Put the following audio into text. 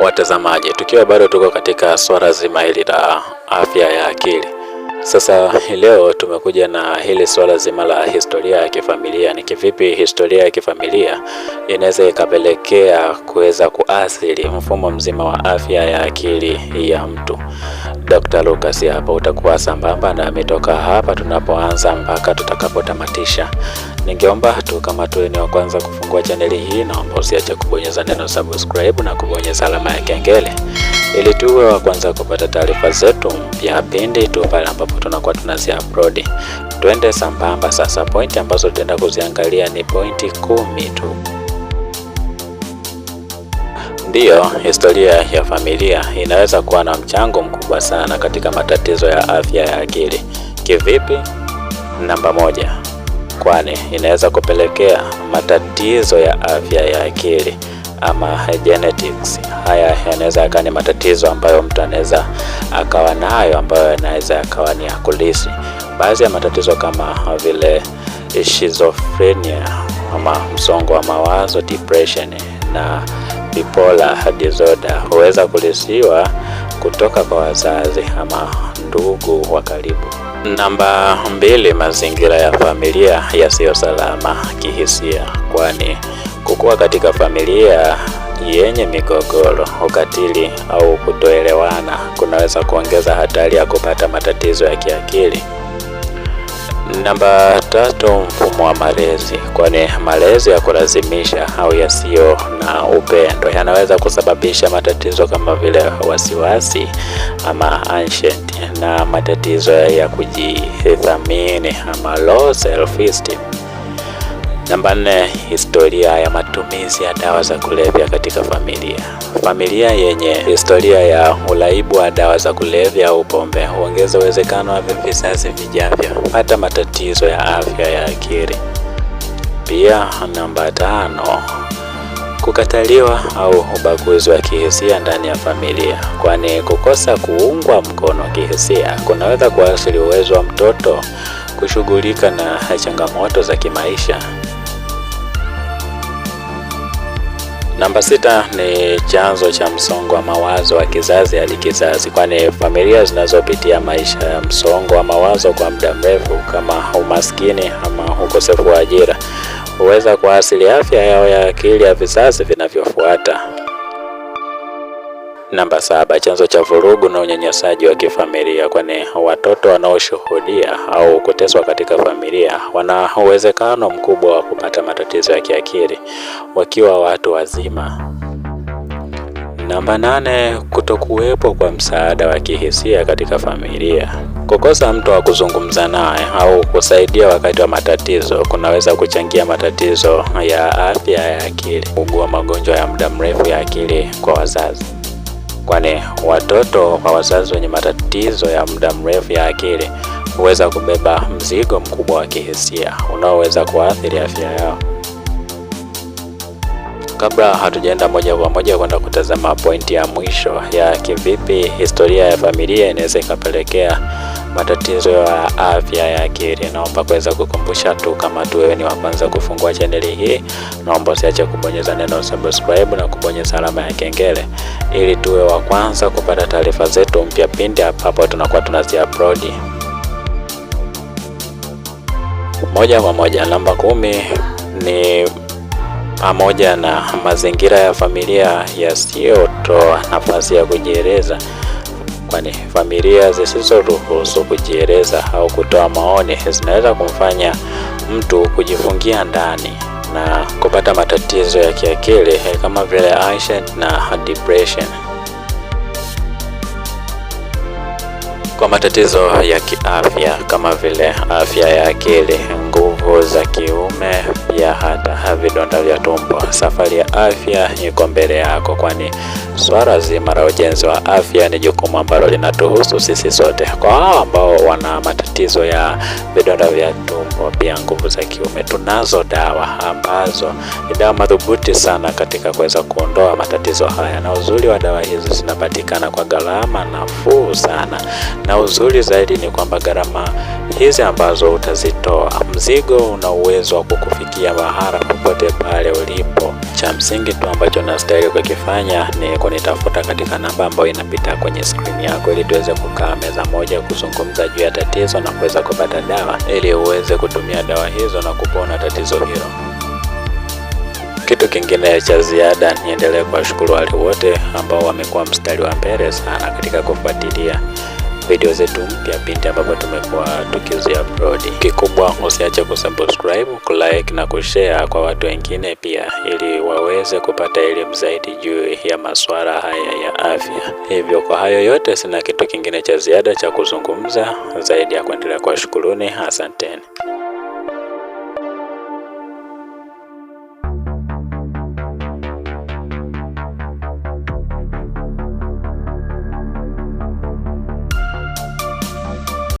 Watazamaji, tukiwa bado tuko katika swala zima hili la afya ya akili. Sasa leo tumekuja na hili swala zima la historia ya kifamilia. Ni kivipi historia ya kifamilia inaweza ikapelekea kuweza kuathiri mfumo mzima wa afya ya akili ya mtu? Dr. Lucas hapa utakuwa sambamba na ametoka hapa tunapoanza mpaka tutakapotamatisha. Ningeomba tu kama tu ni wa kwanza kufungua chaneli hii, naomba usiache kubonyeza neno subscribe na kubonyeza alama ya kengele ili tuwe wa kwanza kupata taarifa zetu mpya pindi tu pale ambapo tunakuwa tunazi upload. Twende sambamba sasa. Pointi ambazo tutaenda kuziangalia ni pointi kumi tu. Ndiyo, historia ya familia inaweza kuwa na mchango mkubwa sana katika matatizo ya afya ya akili. Kivipi? Namba moja kwani inaweza kupelekea matatizo ya afya ya akili ama genetics. Haya yanaweza yakawa ni matatizo ambayo mtu anaweza akawa nayo, ambayo yanaweza yakawa ni ya kulisi. Baadhi ya matatizo kama vile schizophrenia ama msongo wa mawazo depression na bipolar disorder huweza kulisiwa kutoka kwa wazazi ama ndugu wa karibu. Namba mbili, mazingira ya familia yasiyo salama kihisia, kwani kukua katika familia yenye migogoro, ukatili au kutoelewana kunaweza kuongeza hatari ya kupata matatizo ya kiakili Namba tatu, mfumo wa malezi, kwani malezi ya kulazimisha au yasiyo na upendo yanaweza kusababisha matatizo kama vile wasiwasi ama anxiety na matatizo ya kujidhamini ama low self esteem. Namba nne, historia ya matumizi ya dawa za kulevya katika familia. Familia yenye historia ya ulaibu wa dawa za kulevya au pombe huongeza uwezekano wa vizazi vijavyo kupata matatizo ya afya ya akili. Pia namba tano, kukataliwa au ubaguzi wa kihisia ndani ya familia, kwani kukosa kuungwa mkono kihisia kunaweza kuathiri uwezo wa mtoto kushughulika na changamoto za kimaisha. Namba sita ni chanzo cha msongo wa mawazo wa kizazi hadi kizazi, kwani familia zinazopitia maisha ya msongo wa mawazo kwa muda mrefu kama umaskini ama ukosefu wa ajira huweza kuathiri afya yao ya akili ya vizazi vinavyofuata. Namba saba, chanzo cha vurugu na unyanyasaji wa kifamilia, kwani watoto wanaoshuhudia au kuteswa katika familia wana uwezekano mkubwa wa kupata matatizo ya kiakili wakiwa watu wazima. Namba nane, kutokuwepo kwa msaada wa kihisia katika familia. Kukosa mtu wa kuzungumza naye au kusaidia wakati wa matatizo kunaweza kuchangia matatizo ya afya ya akili, kugua magonjwa ya muda mrefu ya akili kwa wazazi kwani watoto wa wazazi wenye matatizo ya muda mrefu ya akili huweza kubeba mzigo mkubwa wa kihisia unaoweza kuathiri afya yao. Kabla hatujaenda moja kwa moja kwenda kutazama pointi ya mwisho ya kivipi historia ya familia inaweza ikapelekea matatizo ya afya ya akili. Naomba kuweza kukumbusha tu, kama tu wewe ni wa kwanza kufungua chaneli hii, naomba usiache kubonyeza neno subscribe na kubonyeza alama ya kengele ili tuwe wa kwanza kupata taarifa zetu mpya pindi hapo tunakuwa tunazi upload moja kwa moja. Namba kumi ni pamoja na mazingira ya familia yasiyotoa nafasi ya kujieleza kwani familia zisizoruhusu kujieleza au kutoa maoni zinaweza kumfanya mtu kujifungia ndani na kupata matatizo ya kiakili kama vile anxiety na depression. Kwa matatizo ya kiafya kama vile afya ya akili za kiume, pia hata vidonda vya tumbo. Safari ya afya iko mbele yako, kwani swala zima la ujenzi wa afya ni jukumu ambalo linatuhusu sisi sote. Kwa hao ambao wana matatizo ya vidonda vya tumbo, pia nguvu za kiume, tunazo dawa ambazo ni dawa madhubuti sana katika kuweza kuondoa matatizo haya, na uzuri wa dawa hizi zinapatikana kwa gharama nafuu sana, na uzuri zaidi ni kwamba gharama hizi ambazo utazitoa mzigo mdogo una uwezo wa kukufikia mahali popote pale ulipo. Cha msingi tu ambacho nastahili kukifanya ni kunitafuta katika namba ambayo inapita kwenye skrini yako, ili tuweze kukaa meza moja kuzungumza juu ya tatizo na kuweza kupata dawa, ili uweze kutumia dawa hizo na kupona tatizo hilo. Kitu kingine cha ziada, niendelee kuwashukuru wale wote ambao wamekuwa mstari wa mbele sana katika kufuatilia video zetu mpya pindi ambapo tumekuwa tukiuzi upload. Kikubwa usiache kusubscribe, kulike na kushare kwa watu wengine pia, ili waweze kupata elimu zaidi juu ya masuala haya ya afya. Hivyo kwa hayo yote, sina kitu kingine cha ziada cha kuzungumza zaidi ya kuendelea kwa shukuruni. Asanteni.